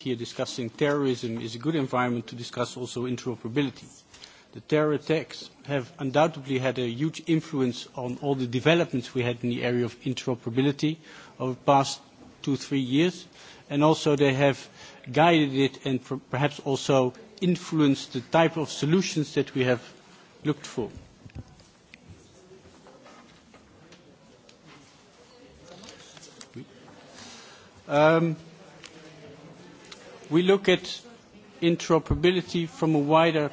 here discussing terrorism is a good environment to discuss also interoperability. The terror attacks have undoubtedly had a huge influence on all the developments we had in the area of interoperability over the past two, three years, and also they have guided it and perhaps also influenced the type of solutions that we have looked for. Um, we look at interoperability from a wider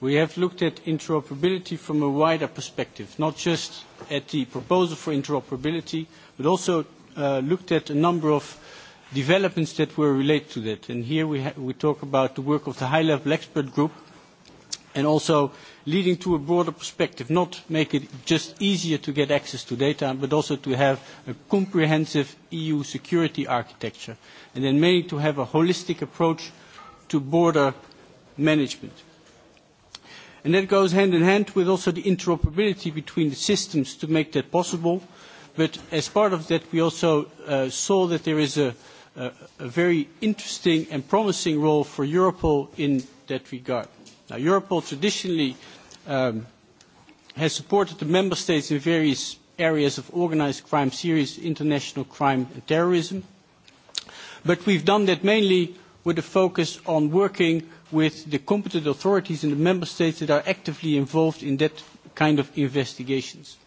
We have looked at interoperability from a wider perspective, not just at the proposal for interoperability, but also looked at a number of developments that were related to that. And Here we ha we talk about the work of the high-level expert group and also leading to a broader perspective, not make it just easier to get access to data, but also to have a comprehensive EU security architecture, and then mainly to have a holistic approach to border management. And that goes hand in hand with also the interoperability between the systems to make that possible. But as part of that, we also uh, saw that there is a, a, a very interesting and promising role for Europol in that regard. Now, Europol traditionally um, has supported the member states in various areas of organized crime, serious international crime, and terrorism. But we've done that mainly with a focus on working with the competent authorities in the member states that are actively involved in that kind of investigations.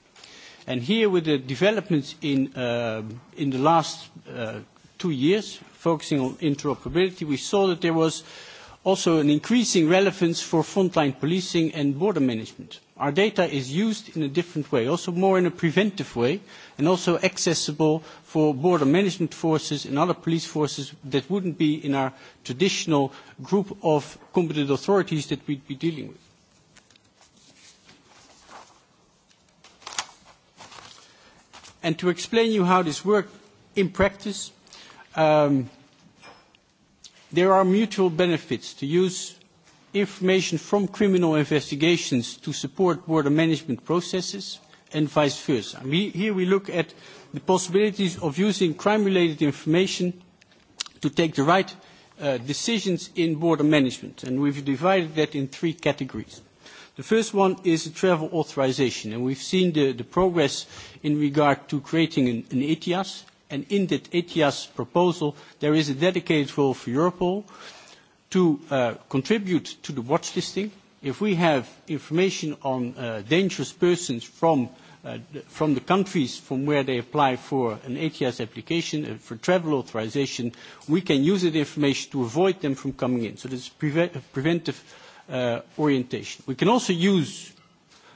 And here, with the developments in, uh, in the last uh, two years, focusing on interoperability, we saw that there was uh, also an increasing relevance for frontline policing and border management. Our data is used in a different way, also more in a preventive way, and also accessible for border management forces and other police forces that wouldn't be in our traditional group of competent authorities that we'd be dealing with. And to explain you how this works in practice, um, there are mutual benefits to use information from criminal investigations to support border management processes and vice versa. We, here we look at the possibilities of using crime-related information to take the right uh, decisions in border management, and we've divided that in three categories. The first one is travel authorization, and we've seen the, the progress in regard to creating an, an ETIAS, And in that ETIAS proposal, there is a dedicated role for Europol to contribute to the watch listing. If we have information on dangerous persons from the countries from where they apply for an ATS application, for travel authorization, we can use that information to avoid them from coming in. So there's preventive orientation. We can also use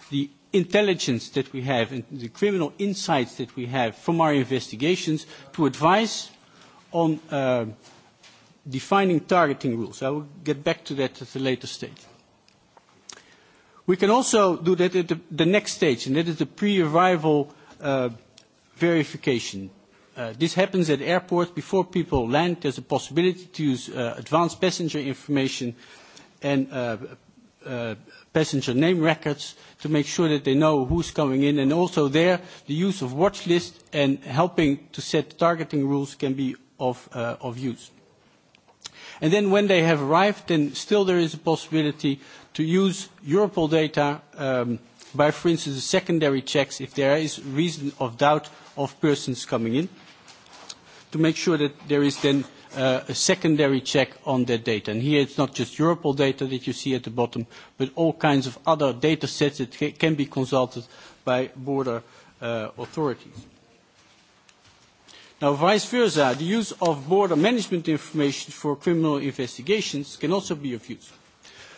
the intelligence that we have and the criminal insights that we have from our investigations to advise on uh, defining targeting rules. I will get back to that at a later stage. We can also do that at the, the next stage, and that is the pre-arrival uh, verification. Uh, this happens at airports before people land. There's a possibility to use uh, advanced passenger information and uh, uh, passenger name records to make sure that they know who's coming in. And also there, the use of watch lists and helping to set targeting rules can be of, uh, of use. And then when they have arrived, then still there is a possibility to use Europol data um, by, for instance, the secondary checks if there is reason of doubt of persons coming in to make sure that there is then – a secondary check on that data. And here it's not just Europol data that you see at the bottom, but all kinds of other data sets that can be consulted by border authorities. Now, vice versa, the use of border management information for criminal investigations can also be of use.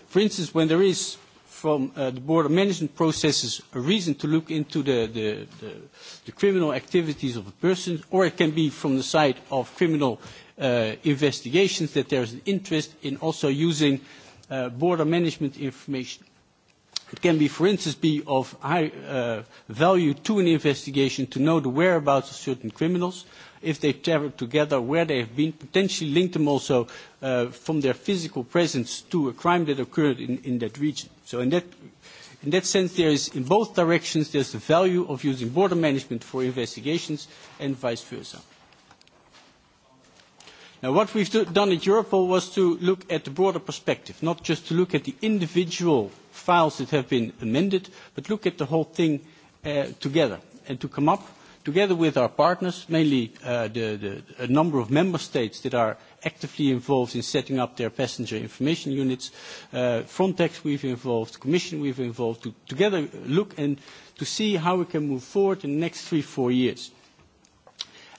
For instance, when there is from the border management processes a reason to look into the, the, the, the criminal activities of a person, or it can be from the side of criminal uh, investigations, that there is an interest in also using uh, border management information. It can be, for instance, be of high uh, value to an investigation to know the whereabouts of certain criminals, if they travel together, where they have been, potentially link them also uh, from their physical presence to a crime that occurred in, in that region. So in that, in that sense, there is, in both directions, there's the value of using border management for investigations and vice versa. Now, what we've done at Europol was to look at the broader perspective, not just to look at the individual files that have been amended, but look at the whole thing together and to come up together with our partners, mainly the a number of member states that are actively involved in setting up their passenger information units. Frontex we've involved, Commission we've involved, to together look and to see how we can move forward in the next three, four years.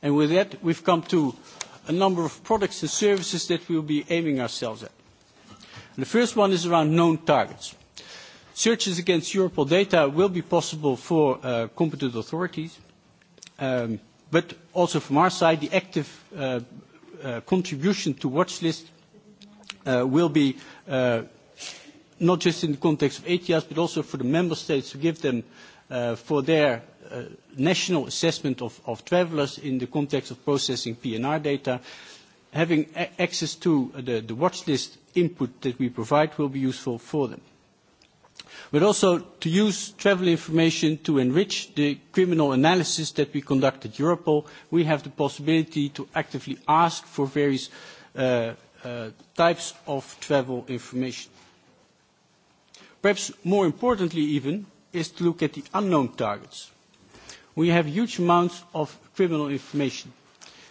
And With that, we've come to a number of products and services that we'll be aiming ourselves at. The first one is around known targets. Searches against Europol data will be possible for competent authorities, but also from our side, the active contribution to watchlist will be not just in the context of ETIAS, but also for the member states to give them for their national assessment of, of travelers in the context of processing PNR data. Having a- access to the, the watch list input that we provide will be useful for them. But also to use travel information to enrich the criminal analysis that we conduct at Europol, we have the possibility to actively ask for various uh, uh, types of travel information. Perhaps more importantly even is to look at the unknown targets we have huge amounts of criminal information.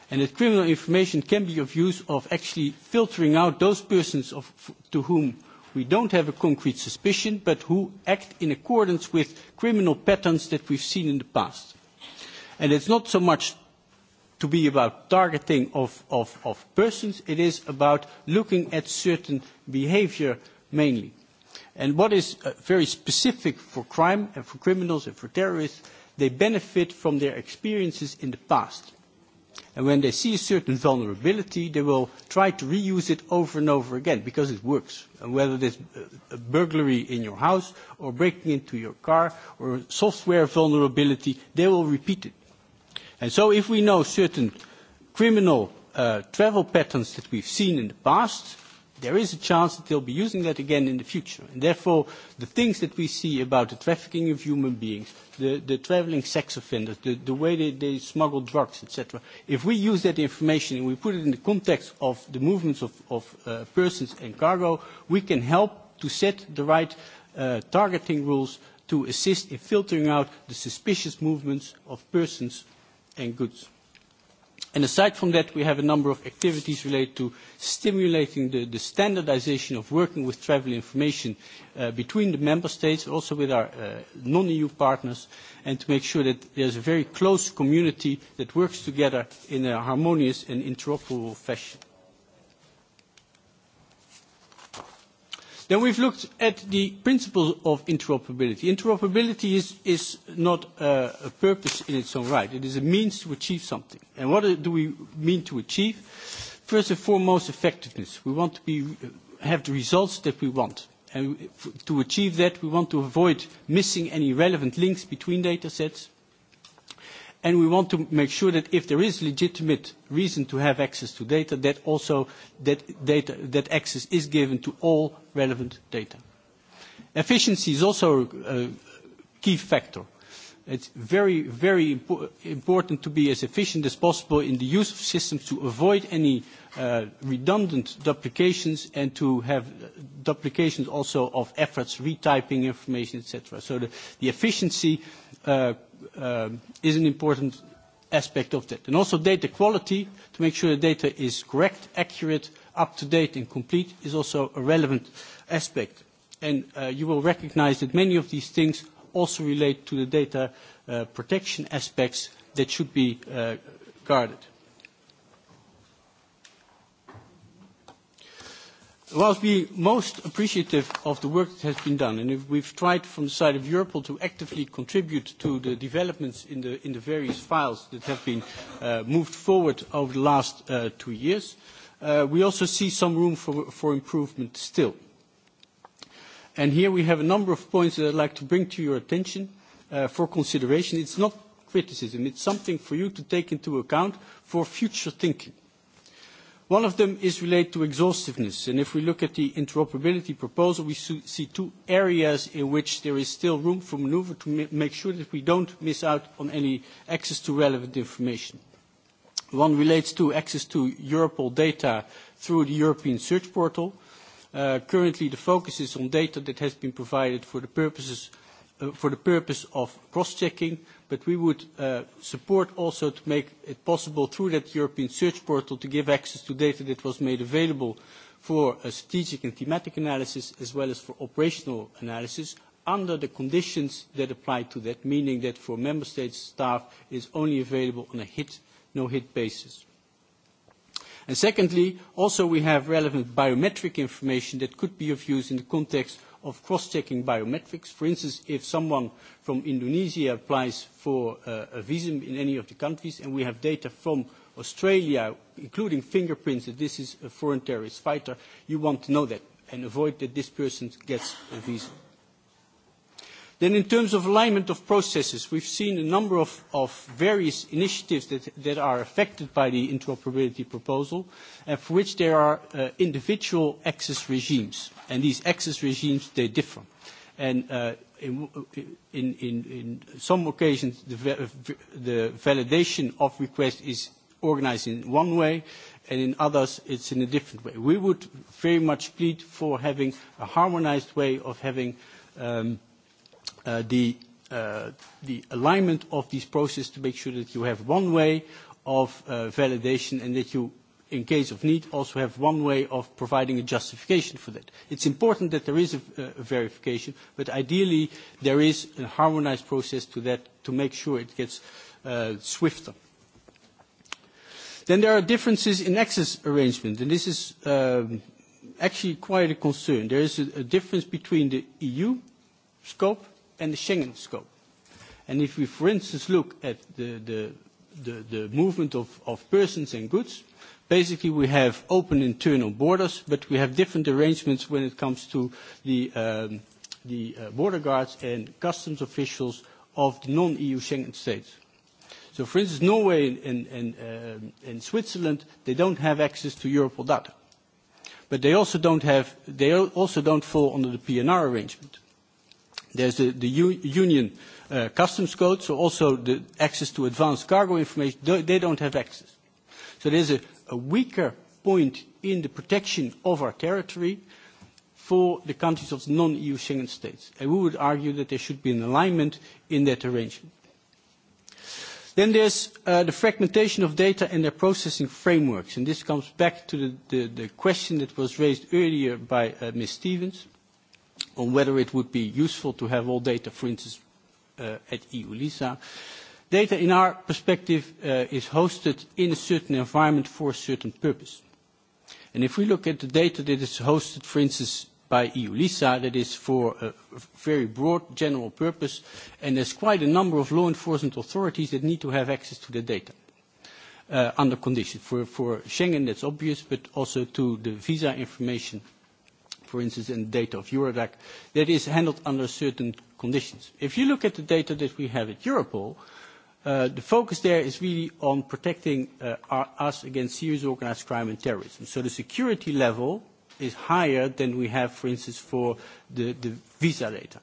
And that criminal information can be of use of actually filtering out those persons of, to whom we don't have a concrete suspicion, but who act in accordance with criminal patterns that we've seen in the past. And it's not so much to be about targeting of, of, of persons, it is about looking at certain behavior mainly. And what is uh, very specific for crime and for criminals and for terrorists they benefit from their experiences in the past. And when they see a certain vulnerability, they will try to reuse it over and over again because it works. And whether it's a burglary in your house or breaking into your car or software vulnerability, they will repeat it. And so if we know certain criminal uh, travel patterns that we've seen in the past, there is a chance that they'll be using that again in the future. And therefore, the things that we see about the trafficking of human beings, the, the traveling sex offenders, the, the way they, they smuggle drugs, etc., if we use that information and we put it in the context of the movements of, of uh, persons and cargo, we can help to set the right uh, targeting rules to assist in filtering out the suspicious movements of persons and goods. And aside from that, we have a number of activities related to stimulating the, standardisation standardization of working with travel information between the member states, also with our non-EU partners, and to make sure that there's a very close community that works together in a harmonious and interoperable fashion. Then we've looked at the principles of interoperability. Interoperability is, is not a, a purpose in its own right. It is a means to achieve something. And what do we mean to achieve? First and foremost, effectiveness. We want to be, have the results that we want. And to achieve that, we want to avoid missing any relevant links between data sets and we want to make sure that if there is legitimate reason to have access to data, that also that, data, that access is given to all relevant data. Efficiency is also a key factor. It's very, very impo important to be as efficient as possible in the use of systems to avoid any uh, redundant duplications and to have duplications also of efforts, retyping information, etc. So the, the efficiency uh, uh, is an important aspect of that. And also data quality, to make sure the data is correct, accurate, up-to-date and complete is also a relevant aspect. And uh, you will recognize that many of these things also relate to the data protection aspects that should be guarded. Whilst we most appreciative of the work that has been done, and we we've tried from the side of Europol to actively contribute to the developments in the, various files that have been moved forward over the last two years, we also see some room for, improvement still here we have a number of points that I'd like to bring to your attention for consideration. It's not criticism. It's something for you to take into account for future thinking. One of them is related to exhaustiveness. And if we look at the interoperability proposal, we see two areas in which there is still room for maneuver to make sure that we don't miss out on any access to relevant information. One relates to access to Europol data through the European Search Portal – Currently, the focus is on data that has been provided for the purpose of cross-checking, but we would support also to make it possible through that European search portal to give access to data that was made available for strategic and thematic analysis as well as for operational analysis under the conditions that apply to that, meaning that for member states staff is only available on a hit, no-hit basis secondly, also we have relevant biometric information that could be of use in the context of cross-checking biometrics. For instance, if someone from Indonesia applies for a visa in any of the countries, and we have data from Australia, including fingerprints, that this is a foreign terrorist fighter, you want to know that and avoid that this person gets a visa. Then in terms of alignment of processes, we've seen a number of, of various initiatives that, that are affected by the interoperability proposal, and for which there are uh, individual access regimes. And these access regimes, they differ. And uh, in, in, in some occasions, the, the validation of requests is organized in one way, and in others it's in a different way. We would very much plead for having a harmonized way of having um, – the alignment of these processes to make sure that you have one way of validation and that you, in case of need, also have one way of providing a justification for that. It's important that there is a verification, but ideally, there is a harmonized process to that to make sure it gets swifter. Then there are differences in access arrangement, and this is actually quite a concern. There is a difference between the EU scope and the Schengen scope. And if we, for instance, look at the, the, the, movement of, persons and goods, basically we have open internal borders, but we have different arrangements when it comes to the, border guards and customs officials of the non-EU Schengen states. So, for instance, Norway and, and, um, and Switzerland, they don't have access to Europol data. But they also don't, have, they also don't fall under the PNR arrangement. There's the, the U Union uh, Customs Code, so also the access to advanced cargo information, they don't have access. So there's a, a weaker point in the protection of our territory for the countries of non-EU Schengen states. And we would argue that there should be an alignment in that arrangement. Then there's uh, the fragmentation of data and their processing frameworks. And this comes back to the, the, the question that was raised earlier by uh, Ms. Stevens on whether it would be useful to have all data, for instance, at EU-LISA. Data, in our perspective, is hosted in a certain environment for a certain purpose. And If we look at the data that is hosted, for instance, by EU-LISA, that is for a very broad general purpose, and there's quite a number of law enforcement authorities that need to have access to the data under conditions. For Schengen, that's obvious, but also to the visa information for instance, in the data of Eurodac, that is handled under certain conditions. If you look at the data that we have at Europol, the focus there is really on protecting us against serious organised crime and terrorism. So the security level is higher than we have, for instance, for the visa data.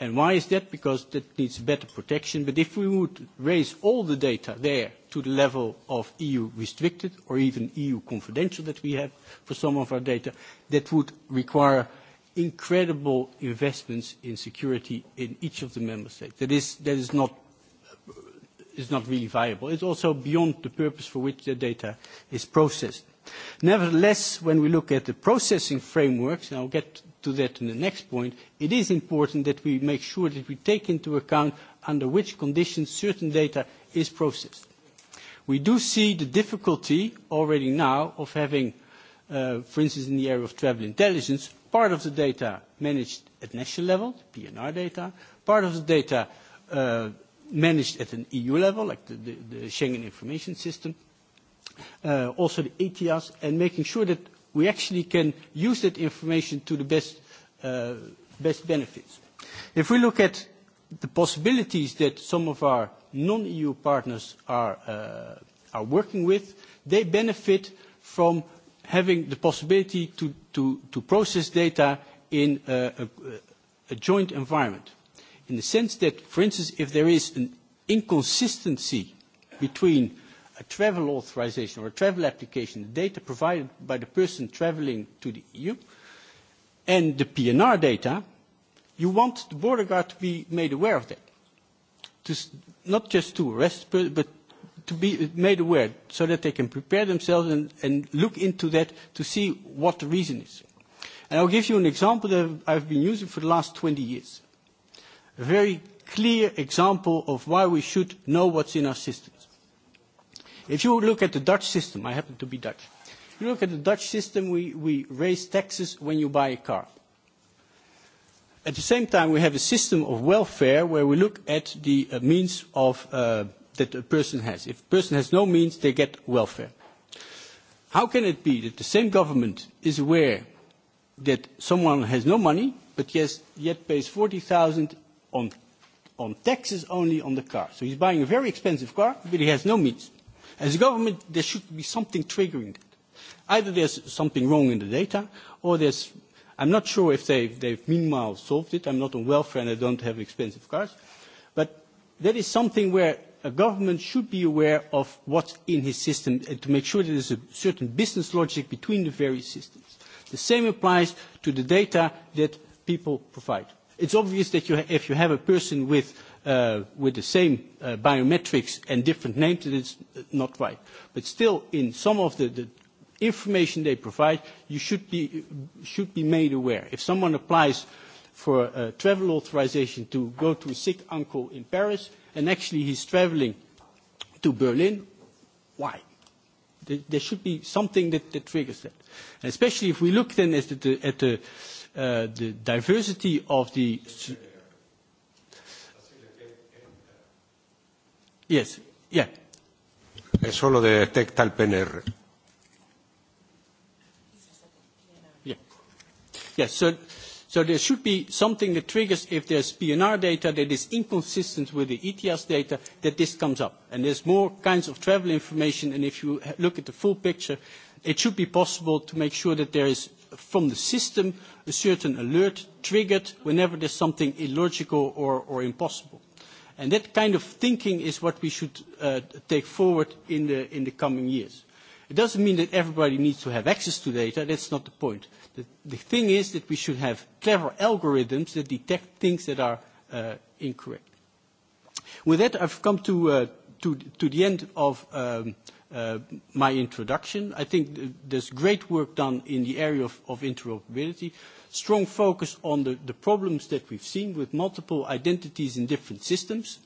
And why is that? Because that needs better protection. But if we would raise all the data there to the level of EU restricted or even EU confidential that we have for some of our data, that would require incredible investments in security in each of the member states. That is, that is not is not really viable. It's also beyond the purpose for which the data is processed. Nevertheless, when we look at the processing frameworks, and I'll get to that in the next point, it is important that we make sure that we take into account under which conditions certain data is processed. We do see the difficulty already now of having, for instance, in the area of travel intelligence, part of the data managed at national level, PNR data, part of the data managed at an EU level, like the Schengen Information System, also the ETIAS, and making sure that we actually can use that information to the best, uh, best benefits. If we look at the possibilities that some of our non-EU partners are, uh, are working with, they benefit from having the possibility to, to, to process data in a, a, a joint environment. In the sense that, for instance, if there is an inconsistency between a travel authorization or a travel application, the data provided by the person traveling to the EU, and the PNR data, you want the border guard to be made aware of that. To, not just to arrest, but to be made aware so that they can prepare themselves and, and look into that to see what the reason is. And I'll give you an example that I've been using for the last 20 years. A very clear example of why we should know what's in our system. If you look at the Dutch system, I happen to be Dutch. You look at the Dutch system, we, we raise taxes when you buy a car. At the same time, we have a system of welfare where we look at the uh, means of, uh, that a person has. If a person has no means, they get welfare. How can it be that the same government is aware that someone has no money, but yes, yet pays 40,000 on, on taxes only on the car? So he's buying a very expensive car, but he has no means. As a government, there should be something triggering it. Either there's something wrong in the data, or there's, I'm not sure if they've, they've meanwhile solved it. I'm not on welfare and I don't have expensive cars. But that is something where a government should be aware of what's in his system and to make sure there is a certain business logic between the various systems. The same applies to the data that people provide. It's obvious that you ha- if you have a person with uh, with the same uh, biometrics and different names, that it's not right. But still, in some of the, the information they provide, you should be should be made aware. If someone applies for uh, travel authorization to go to a sick uncle in Paris, and actually he's traveling to Berlin, why? There should be something that, that triggers that. especially if we look then at the, at the the diversity of the yes yeah eso lo detecta el PNR yeah yes so so there should be something that triggers if there's PNR data that is inconsistent with the ETS data that this comes up and there's more kinds of travel information and if you look at the full picture it should be possible to make sure that there is from the system a certain alert triggered whenever there's something illogical or, or impossible. And that kind of thinking is what we should uh, take forward in the, in the coming years. It doesn't mean that everybody needs to have access to data. That's not the point. The, the thing is that we should have clever algorithms that detect things that are uh, incorrect. With that, I've come to, uh, to, to the end of um, – my introduction. I think there's great work done in the area of, of interoperability, strong focus on the, the problems that we've seen with multiple identities in different systems.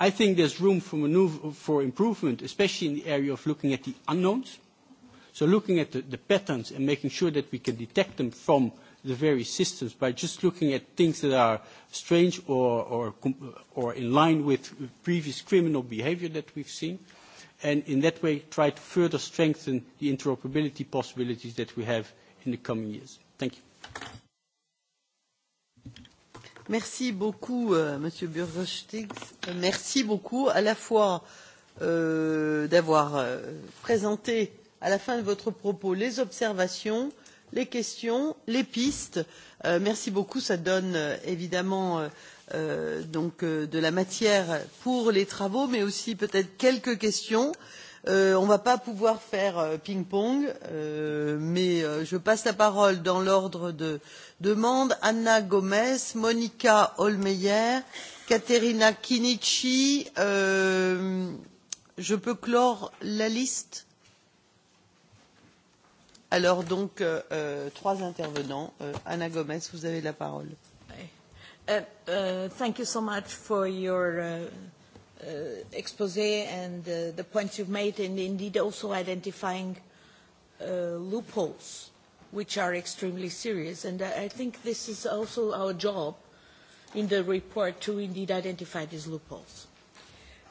I think there's room for, maneuver, for improvement, especially in the area of looking at the unknowns. So looking at the, the patterns and making sure that we can detect them from the various systems by just looking at things that are strange or, or, or in line with previous criminal behavior that we've seen. Uh, and in that way try to further strengthen the interoperability possibilities that we have in the coming years. Thank you. Merci beaucoup, euh, Monsieur Burgersteig. Merci beaucoup à la fois euh, d'avoir euh, présenté à la fin de votre propos les observations les questions, les pistes. merci beaucoup, ça donne évidemment donc de la matière pour les travaux, mais aussi peut-être quelques questions. on ne va pas pouvoir faire ping-pong, mais je passe la parole dans l'ordre de demande. Anna Gomez, Monica Olmeyer, Katerina Kinichi. je peux clore la liste Alors donc, euh, trois intervenants. Euh, Anna Gomez, vous avez la parole. Uh, uh, thank you so much for your uh, uh, expose and uh, the points you've made, and indeed also identifying uh, loopholes, which are extremely serious. And I think this is also our job in the report to indeed identify these loopholes.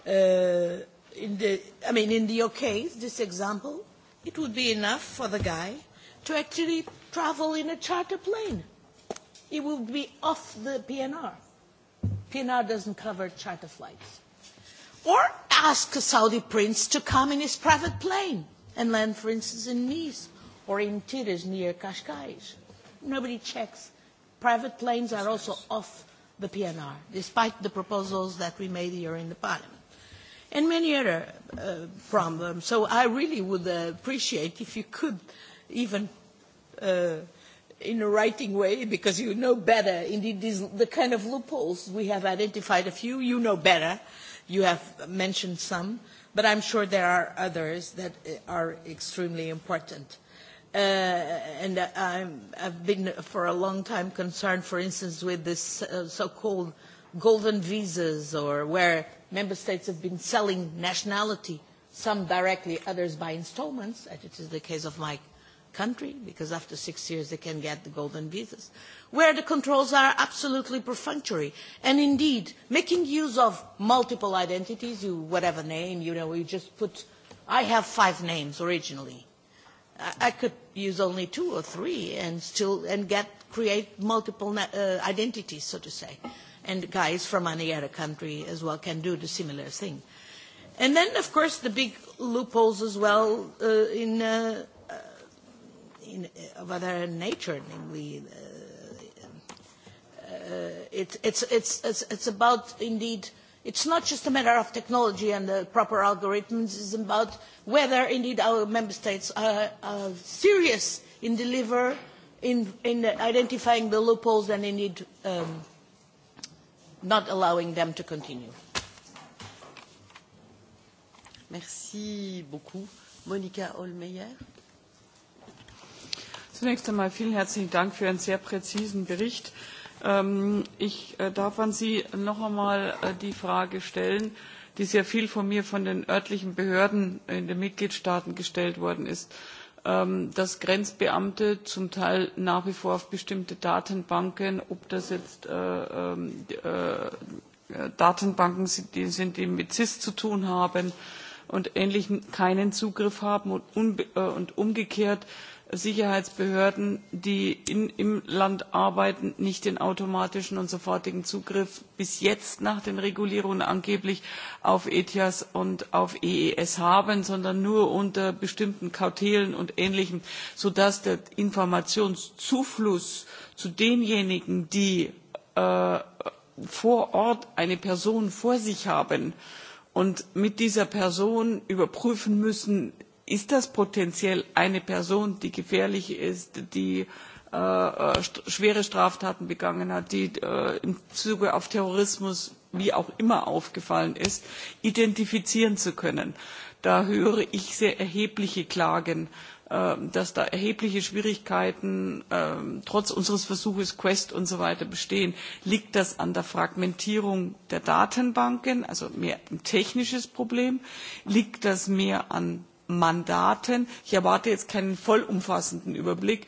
Uh, in the, I mean, in your case, this example, it would be enough for the guy to actually travel in a charter plane. It would be off the PNR. PNR doesn't cover charter flights. Or ask a Saudi prince to come in his private plane and land, for instance, in Nice or in Tiris near Qashqai's. Nobody checks. Private planes are also off the PNR, despite the proposals that we made here in the Parliament and many other uh, problems. So I really would uh, appreciate if you could even uh, in a writing way, because you know better, indeed, these, the kind of loopholes we have identified a few, you know better, you have mentioned some, but I'm sure there are others that are extremely important. Uh, and I'm, I've been for a long time concerned, for instance, with this uh, so-called golden visas or where member states have been selling nationality, some directly, others by instalments, as it is the case of my country, because after six years they can get the golden visas, where the controls are absolutely perfunctory. And indeed, making use of multiple identities, you, whatever name, you know, you just put, I have five names originally. I could use only two or three and still and get create multiple uh, identities, so to say and guys from any other country as well can do the similar thing. And then, of course, the big loopholes as well uh, in, uh, in of other nature, namely. Uh, uh, it's it's it's it's it's about indeed. It's not just a matter of technology and the proper algorithms. It's about whether indeed our member states are, are serious in deliver in in identifying the loopholes and indeed. Um, not allowing them to continue. Merci beaucoup. Monika Olmeyer. Zunächst einmal vielen herzlichen Dank für einen sehr präzisen Bericht. Ich darf an Sie noch einmal die Frage stellen, die sehr viel von mir von den örtlichen Behörden in den Mitgliedstaaten gestellt worden ist dass Grenzbeamte zum Teil nach wie vor auf bestimmte Datenbanken, ob das jetzt Datenbanken sind, die mit CIS zu tun haben und Ähnlichem, keinen Zugriff haben und, umgekehrt Sicherheitsbehörden, die im Land arbeiten, nicht den automatischen und sofortigen Zugriff bis jetzt nach den Regulierungen angeblich auf ETIAS und auf EES haben, sondern nur unter bestimmten Kautelen und Ähnlichem, sodass der Informationszufluss zu denjenigen, die vor Ort eine Person vor sich haben und mit dieser Person überprüfen müssen, ist das potenziell eine Person, die gefährlich ist, die schwere Straftaten begangen hat, die im Zuge auf Terrorismus wie auch immer aufgefallen ist, identifizieren zu können. Da höre ich sehr erhebliche Klagen, dass da erhebliche Schwierigkeiten trotz unseres Versuches Quest und so weiter bestehen. Liegt das an der Fragmentierung der Datenbanken, also mehr ein technisches Problem? Liegt das mehr an Mandaten. Ich erwarte jetzt keinen vollumfassenden Überblick,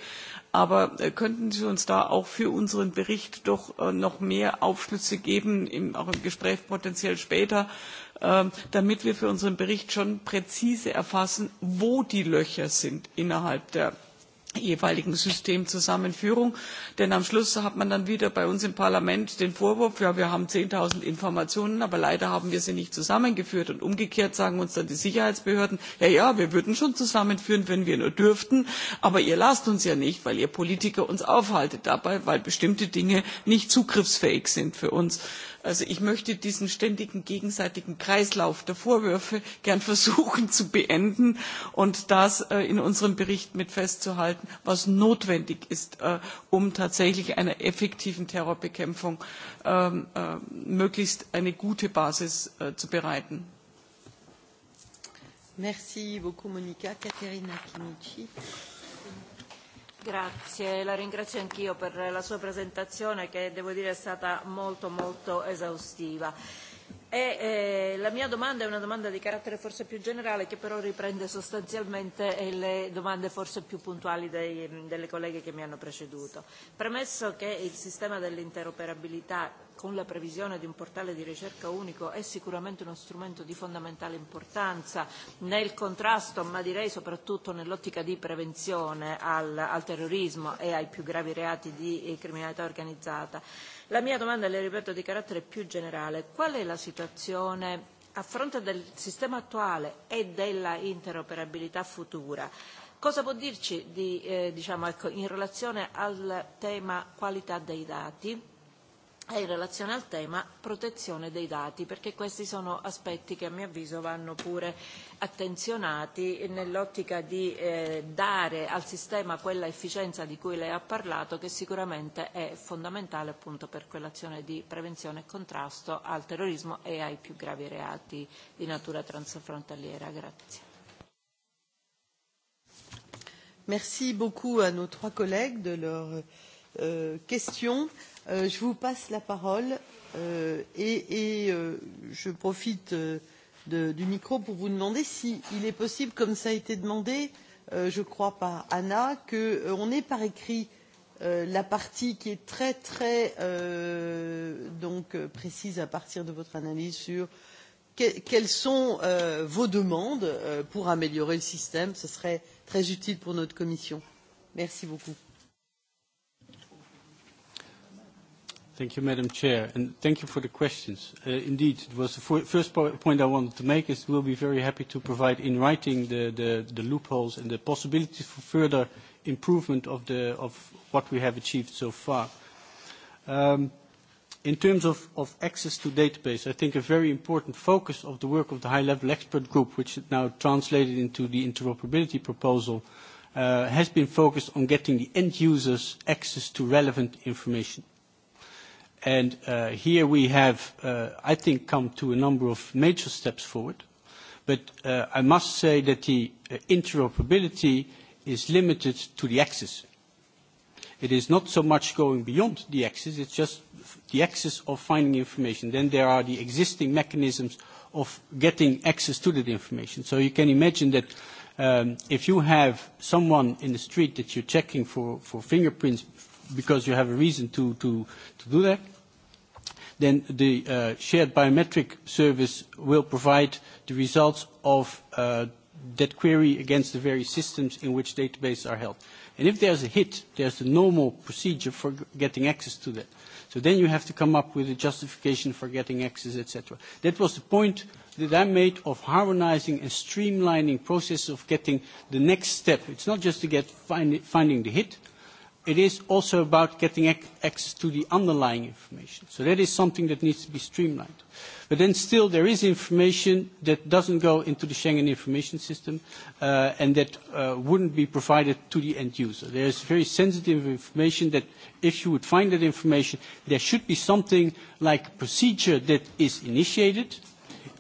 aber könnten Sie uns da auch für unseren Bericht doch noch mehr Aufschlüsse geben, auch im Gespräch potenziell später, damit wir für unseren Bericht schon präzise erfassen, wo die Löcher sind innerhalb der jeweiligen Systemzusammenführung. Denn am Schluss hat man dann wieder bei uns im Parlament den Vorwurf, ja, wir haben 10.000 Informationen, aber leider haben wir sie nicht zusammengeführt. Und umgekehrt sagen uns dann die Sicherheitsbehörden, ja, ja, wir würden schon zusammenführen, wenn wir nur dürften, aber ihr lasst uns ja nicht, weil ihr Politiker uns aufhaltet dabei, weil bestimmte Dinge nicht zugriffsfähig sind für uns. Also ich möchte diesen ständigen gegenseitigen Kreislauf der Vorwürfe gern versuchen zu beenden und das in unserem Bericht mit festzuhalten, was notwendig ist, um tatsächlich einer effektiven Terrorbekämpfung möglichst eine gute Basis zu bereiten. Merci beaucoup, Monika. Grazie, la ringrazio anch'io per la sua presentazione che devo dire è stata molto molto esaustiva. E, eh, la mia domanda è una domanda di carattere forse più generale che però riprende sostanzialmente le domande forse più puntuali dei, delle colleghe che mi hanno preceduto. Premesso che il sistema dell'interoperabilità con la previsione di un portale di ricerca unico è sicuramente uno strumento di fondamentale importanza nel contrasto, ma direi soprattutto nell'ottica di prevenzione al, al terrorismo e ai più gravi reati di criminalità organizzata. La mia domanda le ripeto di carattere più generale. Qual è la situazione a fronte del sistema attuale e della interoperabilità futura? Cosa può dirci di, eh, diciamo, ecco, in relazione al tema qualità dei dati? è in relazione al tema protezione dei dati, perché questi sono aspetti che a mio avviso vanno pure attenzionati nell'ottica di dare al sistema quella efficienza di cui lei ha parlato, che sicuramente è fondamentale appunto per quell'azione di prevenzione e contrasto al terrorismo e ai più gravi reati di natura transfrontaliera. Grazie. Merci beaucoup à nos trois collègues de leur questions. je vous passe la parole et, je profite du micro pour vous demander s'il est possible, comme cela a été demandé, je crois, par Anna, qu'on ait par écrit la partie qui est très très précise à partir de votre analyse sur quelles sont vos demandes pour améliorer le système. Ce serait très utile pour notre commission. Merci beaucoup. Thank you, Madam Chair, and thank you for the questions. Indeed, it was the first point I wanted to make is we'll be very happy to provide in writing the loopholes and the possibilities for further improvement of what we have achieved so far. In terms of access to database, I think a very important focus of the work of the high-level expert group, which is now translated into the interoperability proposal, has been focused on getting the end users access to relevant information And Here we have, I think, come to a number of major steps forward. But I must say that the interoperability is limited to the axis. It is not so much going beyond the axis, it's just the axis of finding information. Then there are the existing mechanisms of getting access to that information. So you can imagine that if you have someone in the street that you're checking for, for fingerprints because you have a reason to, to, to do that, then the uh, shared biometric service will provide the results of uh, that query against the various systems in which databases are held. And if there's a hit, there's a normal procedure for getting access to that. So then you have to come up with a justification for getting access, etc. That was the point that I made of harmonizing and streamlining process of getting the next step. It's not just to get find, finding the hit, it is also about getting access to the underlying information. So that is something that needs to be streamlined. But then still there is information that doesn't go into the Schengen information system uh, and that uh, wouldn't be provided to the end user. There is very sensitive information that if you would find that information, there should be something like a procedure that is initiated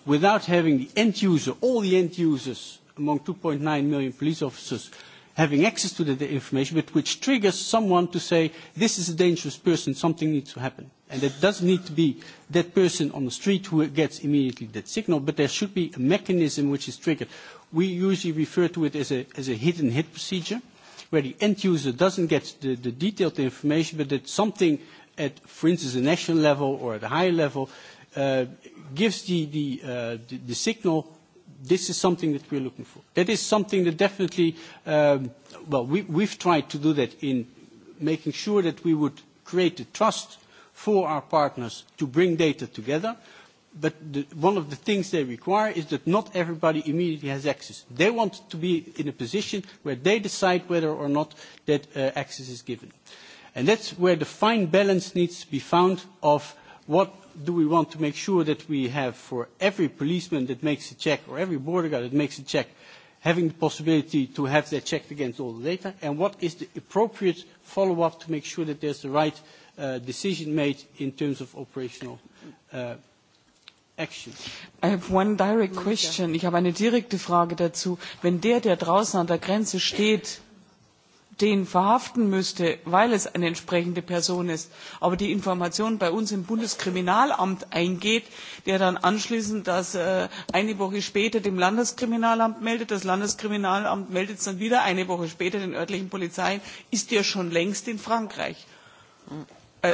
without having the end user, all the end users among 2.9 million police officers having access to the information, but which triggers someone to say, this is a dangerous person, something needs to happen. And it doesn't need to be that person on the street who gets immediately that signal, but there should be a mechanism which is triggered. We usually refer to it as a, as a hit and hit procedure, where the end user doesn't get the, the detailed information, but that something at, for instance, a national level or at a higher level, uh, gives the, the, uh, the, the signal This is something that we're looking for. That is something that definitely, um, well, we, we've tried to do that in making sure that we would create the trust for our partners to bring data together. But the, one of the things they require is that not everybody immediately has access. They want to be in a position where they decide whether or not that uh, access is given. And that's where the fine balance needs to be found of what do we want to make sure that we have for every policeman that makes a check or every border guard that makes a check having the possibility to have that checked against all the data and what is the appropriate follow-up to make sure that there's the right uh, decision made in terms of operational uh, action. I have one direct question. Ich habe eine direkte Frage dazu. Wenn der, der draußen an der Grenze steht, den verhaften müsste, weil es eine entsprechende Person ist, aber die Information bei uns im Bundeskriminalamt eingeht, der dann anschließend das eine Woche später dem Landeskriminalamt meldet, das Landeskriminalamt meldet es dann wieder eine Woche später den örtlichen Polizeien, ist ja schon längst in Frankreich.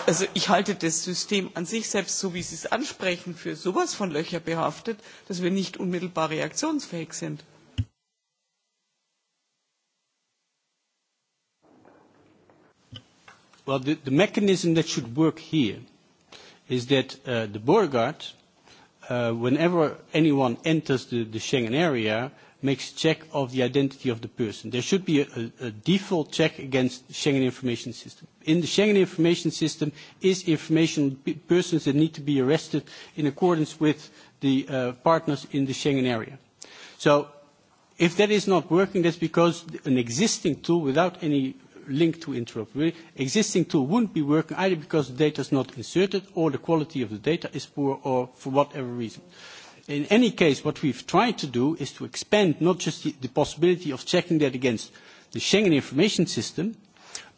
Also ich halte das System an sich selbst, so wie Sie es ansprechen, für sowas von Löcher behaftet, dass wir nicht unmittelbar reaktionsfähig sind Well, the, the mechanism that should work here is that uh, the border guard, uh, whenever anyone enters the, the Schengen area, makes a check of the identity of the person. There should be a, a, a default check against the Schengen information system. In the Schengen information system is information on persons that need to be arrested in accordance with the uh, partners in the Schengen area. So if that is not working, that's because an existing tool without any linked to interoperability. Existing tool wouldn't be working either because the data is not inserted or the quality of the data is poor or for whatever reason. In any case, what we've tried to do is to expand not just the, the possibility of checking that against the Schengen Information System,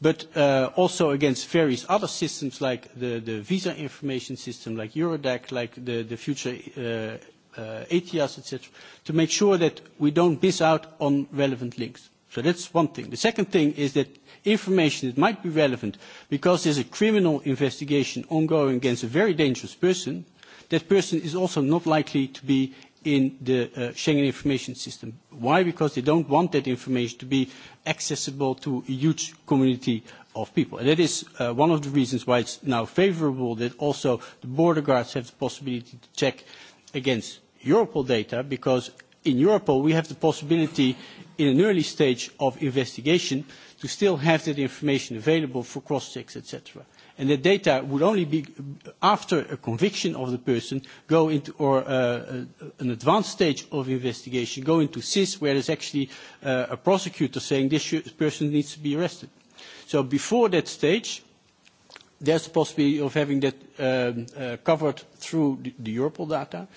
but uh, also against various other systems like the, the visa information system, like Eurodac, like the, the future uh, uh, ATS, etc., to make sure that we don't miss out on relevant links. So that's one thing. The second thing is that information that might be relevant because there's a criminal investigation ongoing against a very dangerous person, that person is also not likely to be in the uh, Schengen information system. Why? Because they don't want that information to be accessible to a huge community of people. And that is uh, one of the reasons why it's now favorable that also the border guards have the possibility to check against Europol data because in Europol, we have the possibility in an early stage of investigation to still have that information available for cross-checks, etc. And the data would only be, after a conviction of the person, go into, or uh, an advanced stage of investigation, go into CIS, where there's actually uh, a prosecutor saying this person needs to be arrested. So before that stage, there's the possibility of having that covered through the Europol data.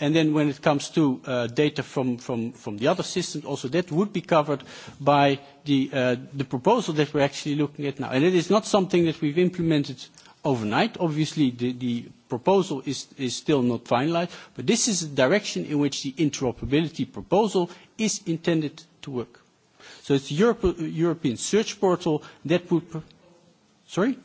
And then when it comes to data from the other systems, also that would be covered by the proposal that we're actually looking at now. And it is not something that we've implemented overnight. Obviously, the proposal is still not finalized, but this is the direction in which the interoperability proposal is intended to work. So it's European Search Portal that would... Sorry?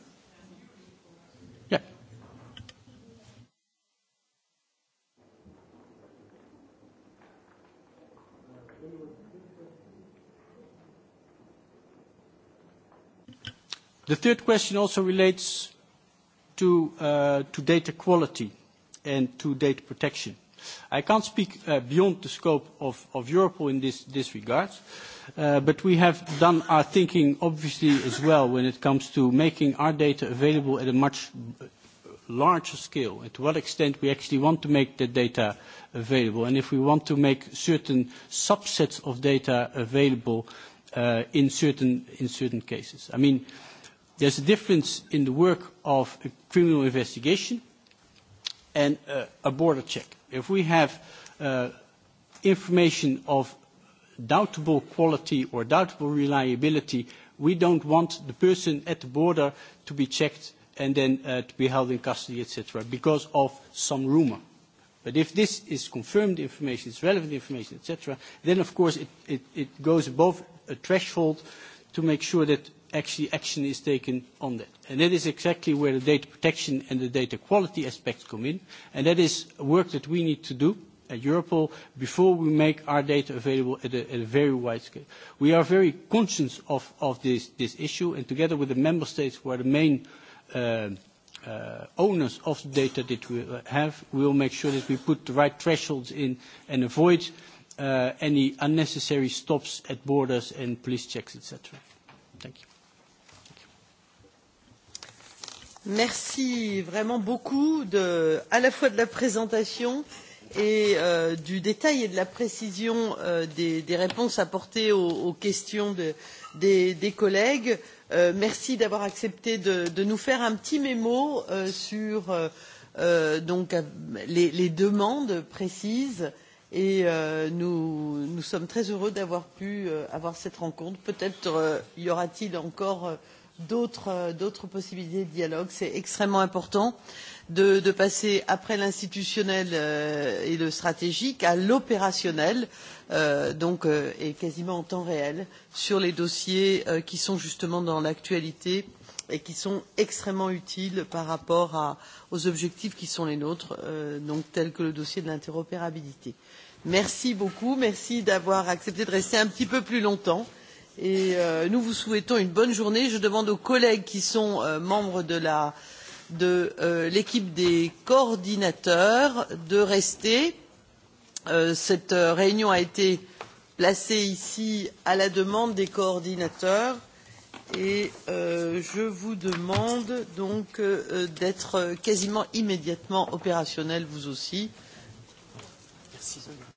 The third question also relates to data quality and to data protection. I can't speak beyond the scope of Europol in this regard, but we have done our thinking obviously as well when it comes to making our data available at a much larger scale, and to what extent we actually want to make the data available, and if we want to make certain subsets of data available in certain cases. I mean, There's a difference in the work of a criminal investigation and uh, a border check. If we have uh, information of doubtable quality or doubtable reliability, we don't want the person at the border to be checked and then uh, to be held in custody, etc., because of some rumor. But if this is confirmed information, it's relevant information, etc., then of course it, it, it goes above a threshold to make sure that actually action is taken on that. And that is exactly where the data protection and the data quality aspects come in, and that is work that we need to do at Europol before we make our data available at a, very wide scale. We are very conscious of, this, this issue, and together with the member states who are the main owners of the data that we have, we will make sure that we put the right thresholds in and avoid any unnecessary stops at borders and police checks, etc. Thank you. Merci vraiment beaucoup de, à la fois de la présentation et du détail et de la précision des, réponses apportées aux, questions des, collègues. merci d'avoir accepté de, nous faire un petit mémo sur les, demandes précises et nous, sommes très heureux d'avoir pu avoir cette rencontre. Peut-être y aura-t-il encore d'autres possibilités de dialogue. C'est extrêmement important de, de passer après l'institutionnel euh, et le stratégique à l'opérationnel, euh, donc euh, et quasiment en temps réel, sur les dossiers euh, qui sont justement dans l'actualité et qui sont extrêmement utiles par rapport à, aux objectifs qui sont les nôtres, euh, donc tels que le dossier de l'interopérabilité. Merci beaucoup, merci d'avoir accepté de rester un petit peu plus longtemps et nous vous souhaitons une bonne journée. Je demande aux collègues qui sont membres de l'équipe des coordinateurs de rester. Cette réunion a été placée ici à la demande des coordinateurs et je vous demande donc d'être quasiment immédiatement opérationnels vous aussi. Merci.